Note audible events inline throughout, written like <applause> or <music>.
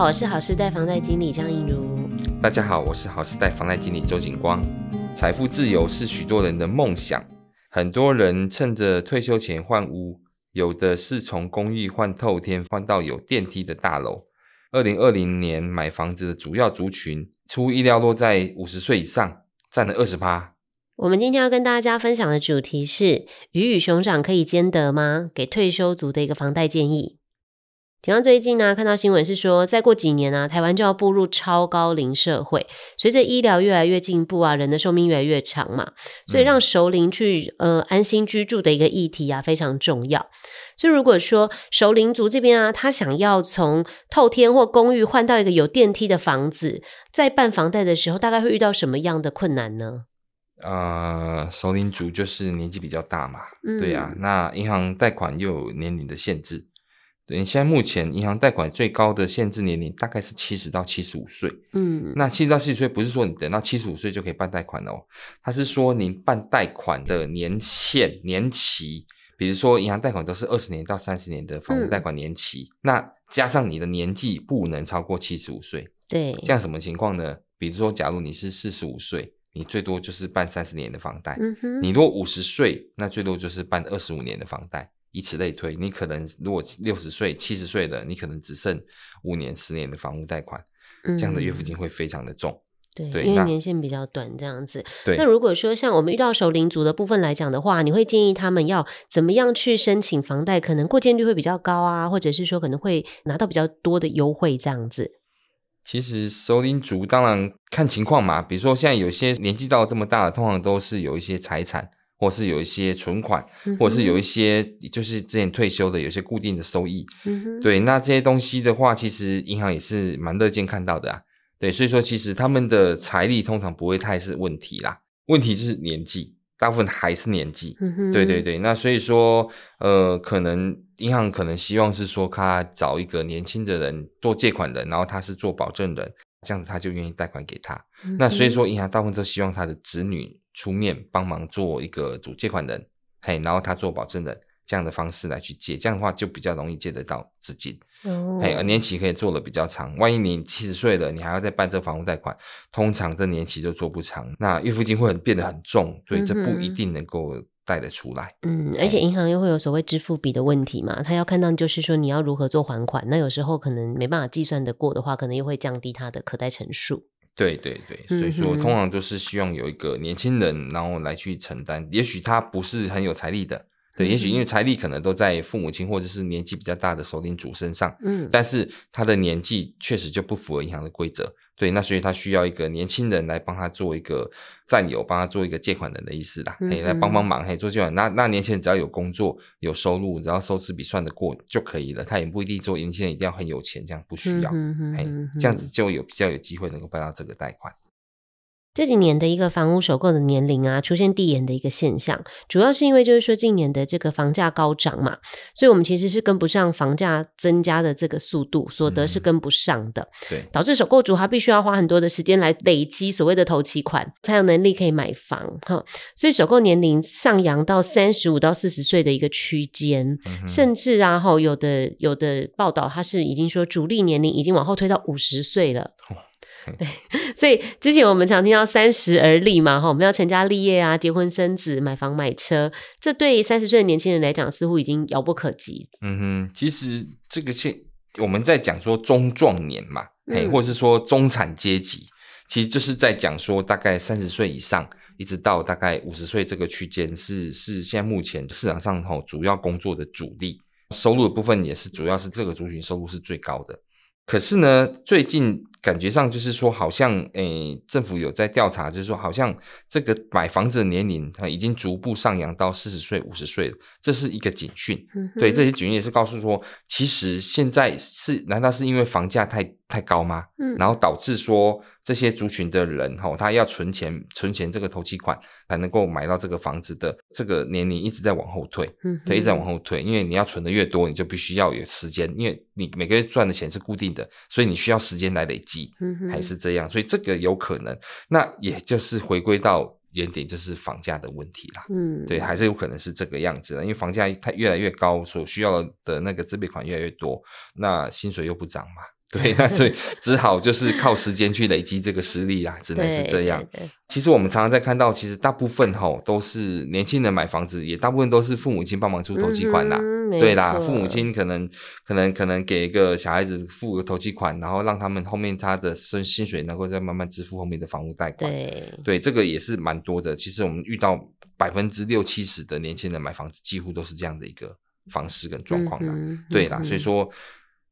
我是好事貸房貸經理張映如，大家好，我是好事貸房貸經理周景光。財富自由是許多人的夢想，很多人趁着退休前換屋，有的是從公寓換透天，換到有電梯的大樓。二零二零年買房子的主要族群，出乎意料落在五十歲以上，占了二十趴。我們今天要跟大家分享的主題是：魚與熊掌可以兼得嗎？給退休族的一個房貸建議。講到最近呢、啊，看到新聞是說，再過幾年啊，台灣就要步入超高齡社會。隨着醫療越來越進步啊，人的壽命越來越長嘛，所以讓熟齡去呃安心居住的一個議題啊非常重要。所以如果說熟齡族這邊啊，他想要從透天或公寓換到一個有電梯的房子，在辦房貸的時候，大概會遇到什麼樣的困難呢？啊、呃，熟齡族就是年紀比較大嘛、嗯，對啊，那銀行貸款又有年齡的限制。對，你現在目前銀行貸款最高的限制年齡大概是七十到七十五歲。嗯，那七十到七十歲不是說你等到七十五歲就可以辦貸款了哦，他是說你辦貸款的年限、年期，比如說銀行貸款都是二十年到三十年的房屋貸款年期。嗯，那加上你的年紀不能超過七十五歲。對，這樣什麼情況呢？比如說，假如你是四十五歲，你最多就是辦三十年的房貸。嗯，你如果五十歲，那最多就是辦二十五年的房貸。以此類推，你可能如果六十歲、七十歲的，你可能只剩五年、十年的房屋貸款，嗯，這樣的月付金會非常的重。對，對，因為年限比較短，這樣子對。對。那如果說像我們遇到熟齡族的部分來講的話，你會建議他們要怎麼樣去申請房貸？可能過件率會比較高啊，或者是說可能會拿到比較多的優惠這樣子。其實熟齡族當然看情況嘛，比如說現在有些年紀到這麼大，通常都是有一些財產。或是有一些存款，或是有一些就是之前退休的，有一些固定的收益，嗯。對，那這些東西的話，其實銀行也是蠻樂見看到的啊。對，所以說其實他們的財力通常不會太是問題啦。問題就是年紀，大部分還是年紀，嗯。對對對。那所以說，呃，可能銀行可能希望是說他找一個年輕的人做借款的人，然後他是做保證人，這樣子他就願意貸款給他，嗯。那所以說，銀行大部分都希望他的子女。出面幫忙做一個主借款人，嘿，然後他做保證人，這樣的方式來去借，這樣的話就比較容易借得到資金，哦、嘿，而年期可以做得比較長。萬一你七十歲了，你還要再辦這個房屋貸款，通常這年期就做不長，那月付金會變得很重，所以這不一定能夠貸得出來，嗯。嗯，而且銀行又會有所謂支付比的問題嘛，他要看到就是說你要如何做還款，那有時候可能沒辦法計算得過的話，可能又會降低它的可貸成數。對對對，所以說通常都是希望有一個年輕人，然後來去承擔，也許他不是很有財力的。對，也許因為財力可能都在父母親或者是年紀比較大的首領主身上，嗯，但是他的年紀確實就不符合銀行的規則，對，那所以他需要一個年輕人來幫他做一個占有，幫他做一個借款人的意思啦，可以、嗯嗯、來幫幫忙，可以做借款，那那年輕人只要有工作有收入，然後收支比算得過就可以了，他也不一定做年輕人一定要很有錢，這樣不需要，嗯嗯嗯嗯嘿，這樣子就有比較有機會能夠辦到這個貸款。這幾年的一個房屋首購的年齡啊，出現遞延的一個現象，主要是因為就是說，近年的這個房價高漲嘛，所以我們其實是跟不上房價增加的這個速度，所得是跟不上的，嗯、對，導致首購族他必須要花很多的時間來累積所謂的頭期款，才有能力可以買房哈。所以首購年齡上揚到三十五到四十歲的一個區間，嗯、甚至啊有的有的報道他是已經說主力年齡已經往後推到五十歲了。哦對，所以之前我們常聽到三十而立嘛，哈，我們要成家立業啊，結婚生子，買房買車，這對三十歲的年輕人來講似乎已經遙不可及。嗯哼，其實這個是我們在講說中壯年嘛、嗯，或者是說中產階級，其實就是在講說大概三十歲以上，一直到大概五十歲這個區間是，是是現在目前市場上頭主要工作的主力，收入的部分也是主要是這個族群收入是最高的。可是呢，最近感覺上就是說，好像誒、欸，政府有在調查，就是說，好像這個買房子的年齡已經逐步上揚到四十歲、五十歲了，這是一個警訊。 <laughs> 對，這些警訊也是告訴說，其實現在是，難道是因為房價太太高嗎？ <laughs> 然後導致說。這些族群的人，齁，他要存錢，存錢這個頭期款才能夠買到這個房子的這個年齡一直在往後退，嗯，一直在往後退，因為你要存的越多，你就必須要有時間，因為你每個月賺的錢是固定的，所以你需要時間來累積，嗯，還是這樣，所以這個有可能，那也就是回歸到原點，就是房價的問題啦，嗯，對，還是有可能是這個樣子的，因為房價它越來越高，所需要的那個自備款越來越多，那薪水又不漲嘛。 <laughs> 對，那所以只好就是靠時間去累積這個實力啦、啊，只能是這樣。其實我們常常在看到，其實大部分吼都是年輕人買房子，也大部分都是父母親幫忙出頭期款啦、嗯，對啦，父母親可能可能可能給一個小孩子付個頭期款，然後讓他們後面他的薪薪水能夠再慢慢支付後面的房屋貸款。對，對，這個也是蠻多的。其實我們遇到百分之六七十的年輕人買房子，幾乎都是這樣的一個方式跟狀況的、嗯嗯，對啦，所以說。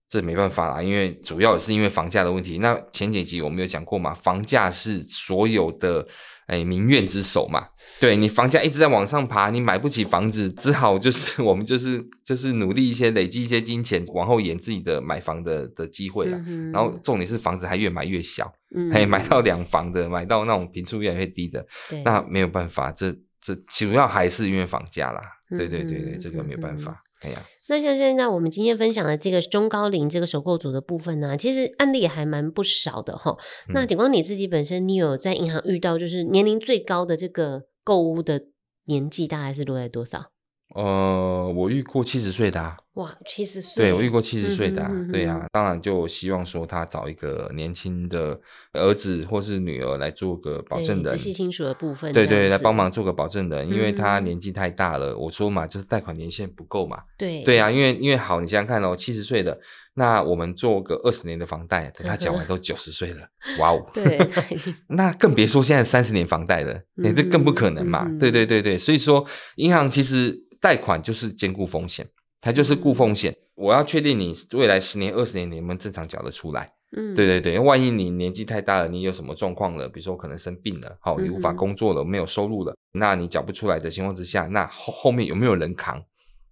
這沒辦法啦，因為主要也是因為房價的問題。那前幾集我們有講過嘛，房價是所有的哎民怨之首嘛。對，你房價一直在往上爬，你買不起房子，只好就是我們就是就是努力一些，累積一些金錢，往後延自己的買房的的機會啦、嗯。然後重點是房子還越買越小，嗯、哎，買到兩房的，買到那種坪數越來越低的。那沒有辦法，這這主要還是因為房價啦、嗯。對對對對，這個沒有辦法。嗯哎呀，那像現在我們今天分享的這個中高齡這個首購族的部分呢、啊，其實案例也還蠻不少的哈、哦嗯。那警官你自己本身，你有在銀行遇到就是年齡最高的這個購屋的年紀，大概是落在多少？呃，我遇過七十歲的啊。哇，七十歲！對，我遇過七十歲的、啊嗯嗯嗯，對呀、啊，當然就希望說他找一個年輕的兒子或是女兒來做個保證人。關係親屬的部分，對，對對，來幫忙做個保證人，因為他年紀太大了、嗯。我說嘛，就是貸款年限不夠嘛，對對呀、啊，因為因為好，你想想看哦七十歲的，那我們做個二十年的房貸，等他繳完都九十歲了，哇哦、wow，對， <laughs> 那更別說現在三十年房貸了，那、嗯欸、這更不可能嘛、嗯，對對對對，所以說銀行其實貸款就是兼顧風險。它就是顧風險、嗯，我要確定你未來十年、二十年能不能正常繳得出來。嗯，對對對，萬一你年紀太大了，你有什麼狀況了？比如說可能生病了，好，你無法工作了，沒有收入了，嗯、那你繳不出來的情況之下，那後後面有沒有人扛？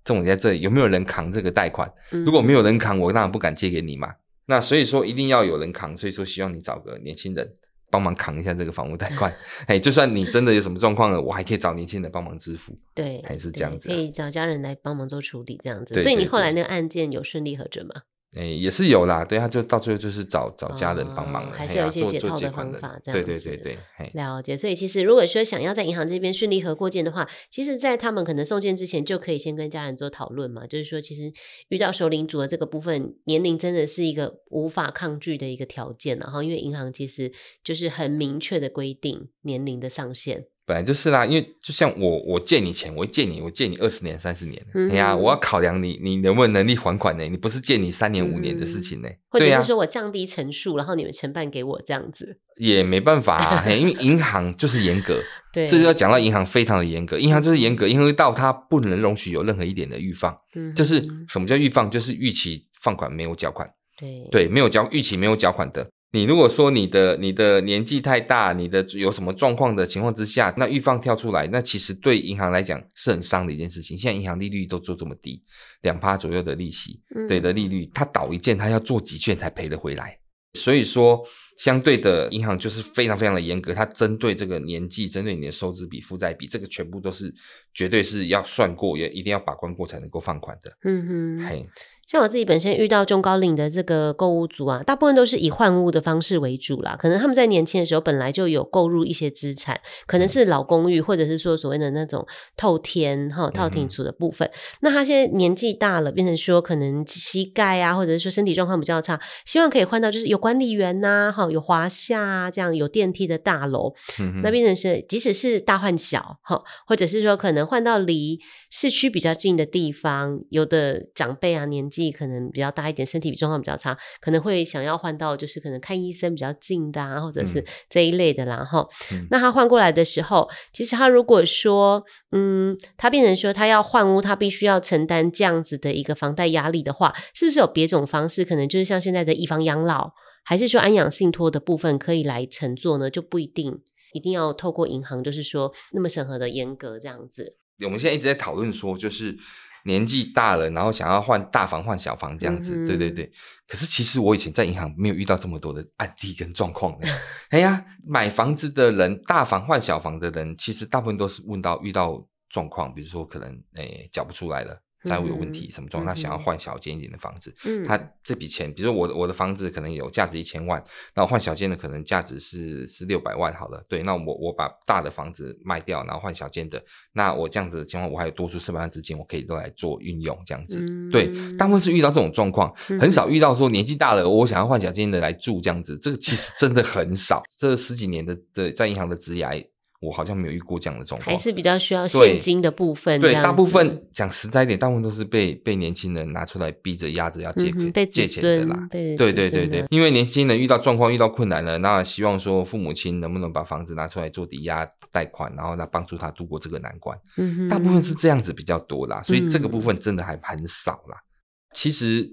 這種人在這裡有沒有人扛這個貸款、嗯？如果沒有人扛，我當然不敢借給你嘛。那所以說一定要有人扛，所以說希望你找個年輕人。幫忙扛一下這個房屋貸款，哎， <laughs> 就算你真的有什麼狀況了，我還可以找年輕人幫忙支付，對，還是這樣子，啊，可以找家人來幫忙做處理這樣子對對對。所以你後來那個案件有順利核准嗎？哎、欸，也是有啦，對，他就到最後就是找、啊、找家人幫忙，還是有一些解套的方法，啊、方法這樣子對對對對嘿，了解。所以其實如果說想要在銀行這邊順利核過件的話，其實在他們可能送件之前就可以先跟家人做討論嘛，就是說其實遇到熟齡族的這個部分，年齡真的是一個無法抗拒的一個條件，然後因為銀行其實就是很明確的規定年齡的上限。本來就是啦、啊，因為就像我，我借你錢，我借你，我借你二十年、三十年，哎、嗯、呀、啊，我要考量你，你能不能能力還款呢？你不是借你三年、五年的事情呢？嗯、對、啊、或者就是說我降低成數，然後你們承辦給我這樣子，也沒辦法啊， <laughs> 因為銀行就是嚴格。 <laughs> 對，這就要講到銀行非常的嚴格，銀行就是嚴格，因為到它不能容許有任何一點的預放，嗯，就是什麼叫預放？就是逾期放款沒有繳款，對，對，沒有繳逾期沒有繳款的。你如果說你的你的年紀太大，你的有什麼狀況的情況之下，那逾放跳出來，那其實對銀行來講是很傷的一件事情。現在銀行利率都做這麼低，兩趴左右的利息，對的利率，他倒一件，他要做幾卷才賠得回來。所以說，相對的銀行就是非常非常的嚴格，他針對這個年紀，針對你的收支比、負債比，這個全部都是絕對是要算過，也一定要把關過才能夠放款的。嗯哼，嘿、hey.。像我自己本身遇到中高齡的這個購屋族啊，大部分都是以換屋的方式為主啦。可能他們在年輕的時候本來就有購入一些資產，可能是老公寓，或者是說所謂的那種透天哈、套挺組的部分、嗯。那他現在年紀大了，變成說可能膝蓋啊，或者是說身體狀況比較差，希望可以換到就是有管理員吶，哈，有華廈、啊、這樣有電梯的大樓、嗯。那變成是即使是大換小哈，或者是說可能換到離市區比較近的地方，有的長輩啊年。可能比較大一點，身體比狀況比較差，可能會想要換到就是可能看醫生比較近的啊，或者是這一類的啦。然後、嗯、那他換過來的時候，其實他如果說，嗯，他變成說他要換屋，他必須要承擔這樣子的一個房貸壓力的話，是不是有別種方式？可能就是像現在的以房養老，還是說安養信託的部分可以來承做呢？就不一定，一定要透過銀行，就是說那麼審核的嚴格這樣子。我們現在一直在討論說，就是。年紀大了，然後想要換大房換小房這樣子、嗯，對對對。可是其實我以前在銀行沒有遇到這麼多的案例跟狀況的。 <laughs> 哎呀，買房子的人，大房換小房的人，其實大部分都是問到遇到狀況，比如說可能誒繳、哎、不出來了。債務有問題什麼狀況？嗯、那想要換小間一點的房子，嗯嗯、他這筆錢，比如說我的我的房子可能有價值一千萬，那換小間的可能價值是是六百萬好了。對，那我我把大的房子賣掉，然後換小間的，那我這樣子的情況，我還有多出四百萬資金，我可以都來做運用這樣子、嗯。對，大部分是遇到這種狀況，很少遇到說年紀大了我想要換小間的來住這樣子，這個其實真的很少。嗯、這十幾年的的在銀行的職涯。我好像沒有遇過這樣的狀況，還是比較需要現金的部分對。對，大部分講、嗯、實在一點，大部分都是被被年輕人拿出來逼着壓着要借錢、嗯，借錢的啦。對對對對，因為年輕人遇到狀況、遇到困難了，那希望說父母親能不能把房子拿出來做抵押貸款，然後來幫助他度過這個難關、嗯。大部分是這樣子比較多啦，所以這個部分真的還很少啦。嗯、其實。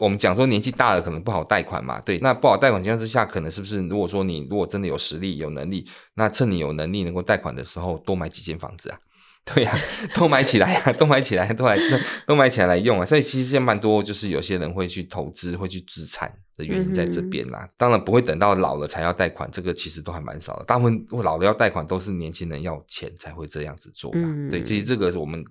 我們講說年紀大了可能不好貸款嘛，對，那不好貸款情況之下，可能是不是如果說你如果真的有實力有能力，那趁你有能力能夠貸款的時候多買幾間房子啊，對呀、啊，都買起來呀、啊 <laughs> 啊，都買起來、啊，都來，都買起來，來來用啊，所以其實現在蠻多，就是有些人會去投資，會去資產的原因在這邊啦、嗯。當然不會等到老了才要貸款，這個其實都還蠻少的，大部分老了要貸款都是年輕人要錢才會這樣子做嘛、嗯。對，其實這個是我們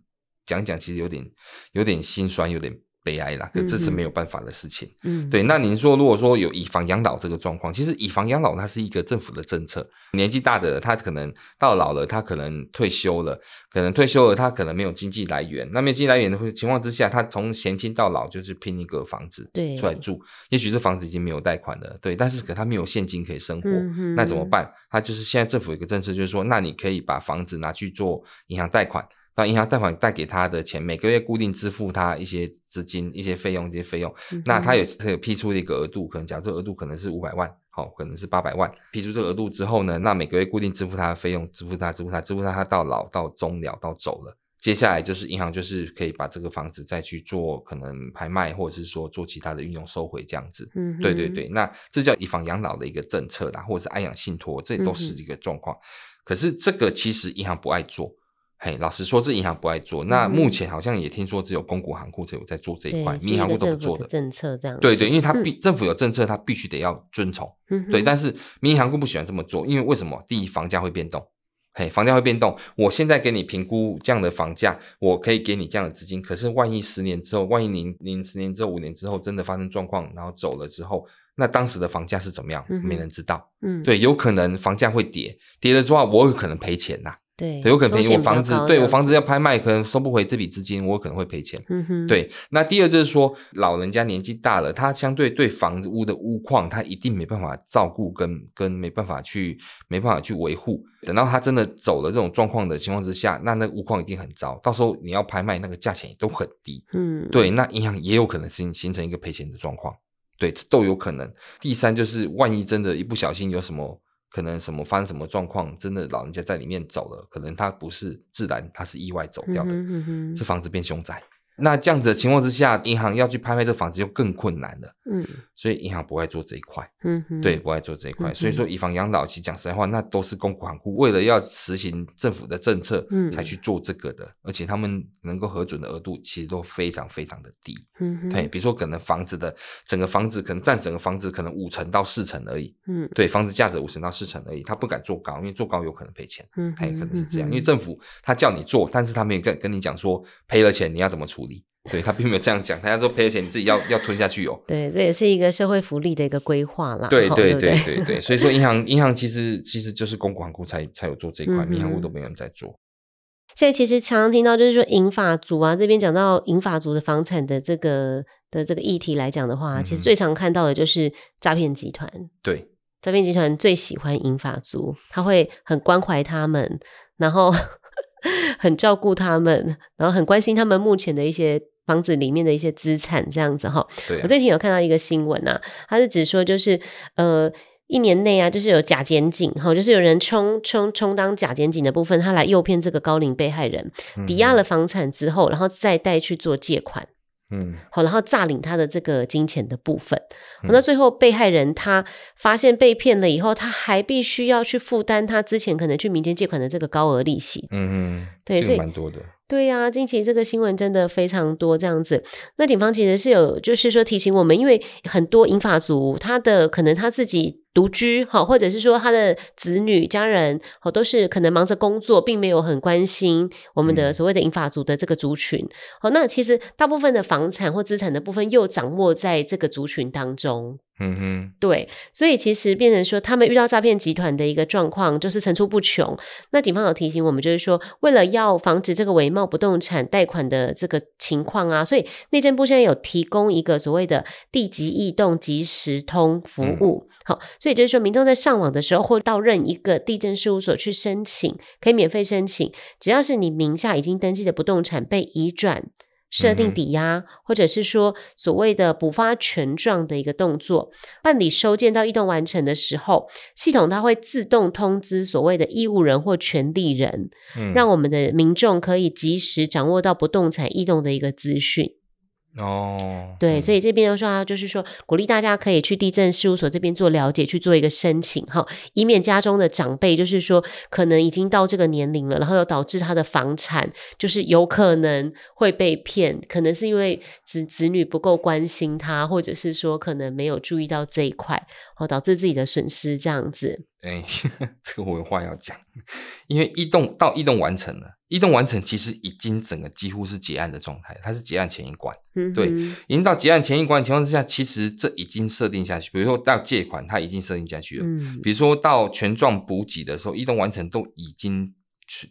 講講，其實有點有點心酸，有點。悲哀啦，可這是沒有辦法的事情。嗯，對。那您說，如果說有以房養老這個狀況，其實以房養老它是一個政府的政策。年紀大的，他可能到老了，他可能退休了，可能退休了，他可能沒有經濟來源。那沒有經濟來源的情況之下，他從年輕到老就是拼一個房子對出來住。也許這房子已經沒有貸款了，對。但是可他沒有現金可以生活，嗯。那怎麼辦？他就是現在政府一個政策，就是說，那你可以把房子拿去做銀行貸款。當銀行貸款貸給他的錢，每個月固定支付他一些資金、一些費用、一些費用、嗯。那他有他有批出的一個額度，可能假如這額度可能是五百萬，好、哦，可能是八百萬。批出這個額度之後呢，那每個月固定支付他的費用，支付他，支付他，支付他，他到老到終了到走了，接下來就是銀行就是可以把這個房子再去做可能拍賣，或者是說做其他的運用收回這樣子。嗯，對對對，那這叫以房養老的一個政策啦，或者是安養信託，這都是一個狀況、嗯。可是這個其實銀行不愛做。嘿、hey，老實說，這銀行不愛做、嗯。那目前好像也聽說只有公股行庫才有在做這一塊，民營行庫都不做的，的，政府的政策這樣。對，對對，因為它必、嗯、政府有政策，它必須得要遵從、嗯。對，但是民營行庫不喜歡這麼做，因為為什麼？第一，房價會變動。嘿、hey，房價會變動。我現在給你評估這樣的房價，我可以給你這樣的資金。可是萬一十年之後，萬一您您十年之後、五年之後真的發生狀況，然後走了之後，那當時的房價是怎麼樣、嗯？沒人知道。嗯，對，有可能房價會跌，跌了之後我有可能賠錢吶、啊。對，有可能賠我房子，對我房子要拍賣，可能收不回這筆資金，我可能會賠錢。嗯哼，對。那第二就是說，老人家年紀大了，他相對對房屋的屋況，他一定沒辦法照顧跟，跟跟沒辦法去沒辦法去維護。等到他真的走了這種狀況的情況之下，那那個屋況一定很糟，到時候你要拍賣那個價錢也都很低。嗯，對，那銀行也有可能形形成一個賠錢的狀況。對，都有可能。第三就是，萬一真的，一不小心有什麼。可能什麼發生什麼狀況，真的老人家在裡面走了，可能他不是自然，他是意外走掉的，嗯嗯、這房子變凶宅。那這樣子的情況之下，銀行要去拍賣這房子就更困難了。嗯，所以銀行不會做這一塊、嗯。嗯，對，不會做這一塊、嗯嗯。所以說，以房養老其實講實在話，那都是公股行庫為了要實行政府的政策，嗯，才去做這個的。嗯、而且他們能夠核准的額度其實都非常非常的低。嗯，嗯嗯對，比如說可能房子的整個房子可能佔整個房子可能五成到四成而已。嗯，對，房子價值五成到四成而已，他不敢做高，因為做高有可能賠錢。嗯，哎，可能是這樣、嗯嗯，因為政府他叫你做，但是他沒有跟跟你講說賠了錢你要怎麼處理。對，他並沒有這樣講，他要做賠錢你自己要要吞下去哦。對，這也是一個社會福利的一個規劃啦。對對對對對，對對對對 <laughs> 所以說銀行銀行其實其實就是公股控股才才有做這一塊，民營股都沒有人在做。現在其實常常聽到就是說銀髮族啊，這邊講到銀髮族的房產的這個的這個議題來講的話，嗯嗯，其實最常看到的就是詐騙集團。對，詐騙集團最喜歡銀髮族，他會很關懷他們，然後 <laughs> 很照顧他們，然後很關心他們目前的一些。房子裡面的一些資產這樣子哈、啊，我最近有看到一個新聞啊，他是指說就是呃一年內啊，就是有假檢警哈，就是有人充充充當假檢警的部分，他來誘騙這個高齡被害人、嗯、抵押了房產之後，然後再貸去做借款，嗯，好，然後詐領他的這個金錢的部分，那、嗯、最後被害人他發現被騙了以後，他還必須要去負擔他之前可能去民間借款的這個高額利息，嗯嗯，這個、對，是蠻多的。對呀、啊，近期這個新聞真的非常多這樣子。那警方其實是有，就是說提醒我們，因為很多銀髮族，他的可能他自己獨居好，或者是說他的子女家人哦，都是可能忙着工作，並沒有很關心我們的所謂的銀髮族的這個族群。好，那其實大部分的房產或資產的部分，又掌握在這個族群當中。嗯哼，對，所以其實變成說，他們遇到詐騙集團的一個狀況就是層出不窮。那警方有提醒我們，就是說，為了要防止這個偽冒不動產貸款的這個情況啊，所以內政部現在有提供一個所謂的地籍異動即時通服務，嗯。好，所以就是說，民眾在上網的時候，或到任一個地政事務所去申請，可以免費申請，只要是你名下已經登記的不動產被移轉，設定抵押，或者是說所謂的補發權狀的一個動作，辦理收件到異動完成的時候，系統它會自動通知所謂的義務人或權利人，讓我們的民眾可以及時掌握到不動產異動的一個資訊。哦、oh,，對、嗯，所以這邊要說、啊，就是說鼓勵大家可以去地政事務所這邊做了解，去做一個申請哈，以免家中的長輩就是說可能已經到這個年齡了，然後又導致他的房產就是有可能會被騙，可能是因為子子女不夠關心他，或者是說可能沒有注意到這一塊，然後導致自己的損失這樣子。哎，這個我有話要講，因為異動到異動完成了。異動完成其實已經整個幾乎是結案的狀態，它是結案前一關，嗯、對，已經到結案前一關的情況之下，其實這已經設定下去，比如說到借款，它已經設定下去了，嗯，比如說到權狀補給的時候，異動完成都已經。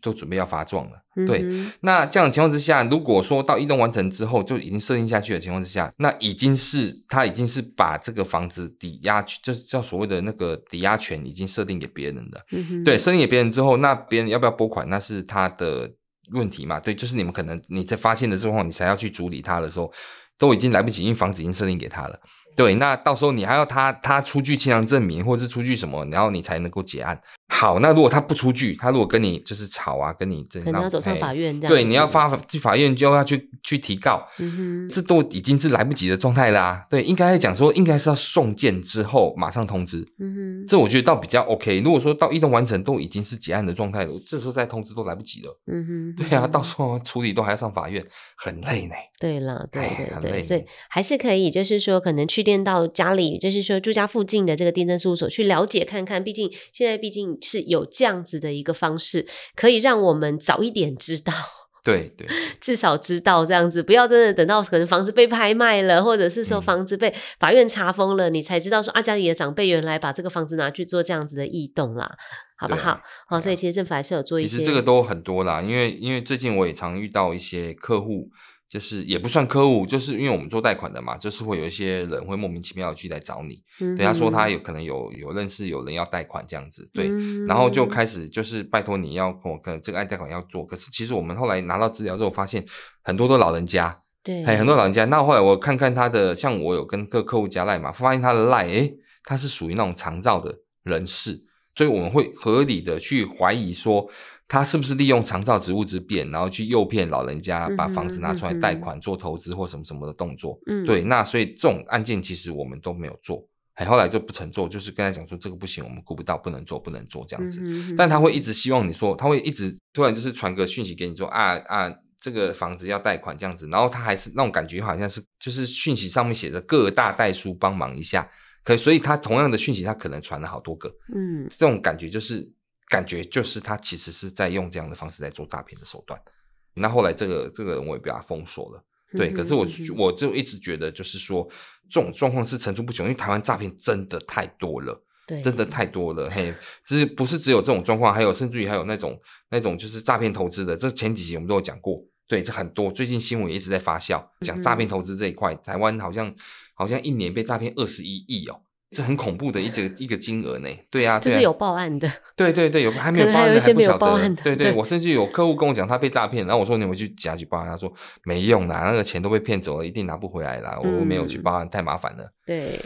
都準備要發狀了，對、嗯，那這樣的情況之下，如果說到移動完成之後就已經設定下去的情況之下，那已經是他已經是把這個房子抵押，就是叫所謂的那個抵押權已經設定給別人的、嗯。對，設定給別人之後，那別人要不要撥款，那是他的問題嘛，對，就是你們可能你在發現了之後，你才要去處理他的時候，都已經來不及，因為房子已經設定給他了，對，那到時候你還要他他出具清償證明，或者是出具什麼，然後你才能夠結案。好，那如果他不出具，他如果跟你就是吵啊，跟你可能要走上法院這樣。對，你要發去法院就要去去提告。嗯哼，這都已經是來不及的狀態啦，啊。對，應該來講說，應該是要送件之後馬上通知。嗯哼，這我覺得倒比較 OK。如果說到異動完成都已經是結案的狀態了，這時候再通知都來不及了。嗯哼，對啊，嗯、到時候處理都還要上法院，很累呢。對了，對對，對，對，很累。還是可以，就是說可能去電到家裡，就是說住家附近的這個地政事務所去了解看看。畢竟現在，畢竟。是有這樣子的一個方式，可以讓我們早一點知道，對對，至少知道這樣子，不要真的等到可能房子被拍賣了，或者是說房子被法院查封了，嗯、你才知道說啊，家裡的長輩原來把這個房子拿去做這樣子的異動啦，好不好？好，所以其實政府還是有做一些，其實這個都很多啦，因為因為最近我也常遇到一些客戶。就是也不算客戶，就是因為，我們做貸款的嘛,就是會有一些人會莫名其妙的去來找你，對、嗯、他說他有可能有有認識有人要貸款這樣子，對、嗯，然後就開始就是拜托你要可能這個愛貸款要做，可是其實我們後來拿到資料之後發現很多的老人家，對、欸，很多老人家。那後來我看看他的，像我有跟各客戶加賴嘛，發現他的賴，誒，他是屬於那種長照的人士，所以我們會合理的去懷疑說。他是不是利用長照職務之便，然後去誘騙老人家把房子拿出來貸款，嗯哼嗯哼，做投資或什麼什麼的動作？嗯。對，那所以這種案件其實我們都沒有做，還後來就不曾做，就是跟他講說這個不行，我們顧不到，不能做，不能做這樣子，嗯哼嗯哼。但他會一直希望你說，他會一直突然就是傳個訊息給你說啊啊，這個房子要貸款這樣子，然後他還是那種感覺，好像是就是訊息上面寫着各大代書幫忙一下，可所以他同樣的訊息他可能傳了好多個，嗯，這種感覺就是。感覺就是他其實是在用這樣的方式在做詐騙的手段，那後來這個這個人我也被他封鎖了、嗯。對，可是我我就一直覺得，就是說這種狀況是層出不窮，因為台灣詐騙真的太多了，對，真的太多了。嘿，其實不是只有這種狀況，還有甚至於還有那種那種就是詐騙投資的，這前幾集我們都有講過，對，這很多。最近新聞也一直在發酵，講詐騙投資這一塊、嗯，台灣好像好像一年被詐騙二十一億哦。這很恐怖的一個一個金額呢，對呀，啊，這是有報案的，對對對，有還沒有報案的，還不曉得還有，沒有報案。對對，對，我甚至有客戶跟我講他被詐騙，然後我說你回去下去報案，他說沒用的，那個錢都被騙走了，一定拿不回來了，嗯，我沒有去報案，太麻煩了，對，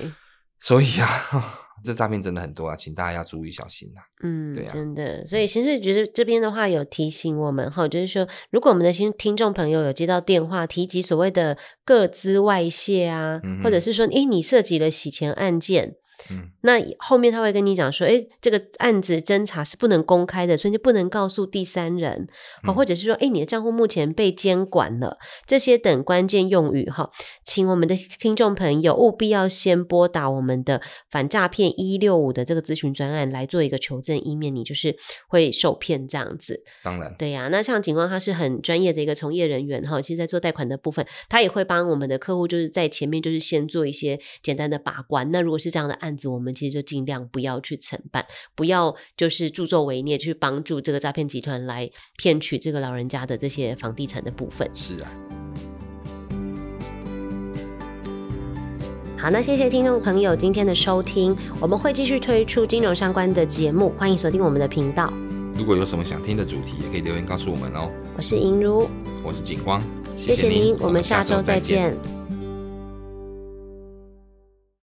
所以呀，啊。 <laughs> 這詐騙真的很多啊，請大家要注意小心吶、啊。嗯，對啊，真的。所以刑事局的這邊的話，有提醒我們哈、嗯，就是說，如果我們的新聽眾朋友有接到電話，提及所謂的個資外洩啊，嗯、或者是說，誒，你涉及了洗錢案件。嗯，那後面他會跟你講說，哎，這個案子偵查是不能公開的，所以就不能告訴第三人，嗯、或者是說，哎，你的賬戶目前被監管了，這些等關鍵用語哈，請我們的聽眾朋友務必要先撥打我們的反詐騙一六五的這個諮詢專案來做一個求證，以免你就是會受騙這樣子。當然，對呀、啊，那像警方他是很專業的一個從業人員哈，其實，在做貸款的部分，他也會幫我們的客戶就是在前面就是先做一些簡單的把關。那如果是這樣的案，案子，我們其實就盡量不要去承辦，不要就是助紂為虐，去幫助這個詐騙集團來騙取這個老人家的這些房地產的部分。是啊，好，那謝謝聽眾朋友今天的收聽，我們會繼續推出金融相關的節目，歡迎鎖定我們的頻道。如果有什麼想聽的主題，也可以留言告訴我們哦。我是瑩如，我是景光，謝謝您，我們下周再見。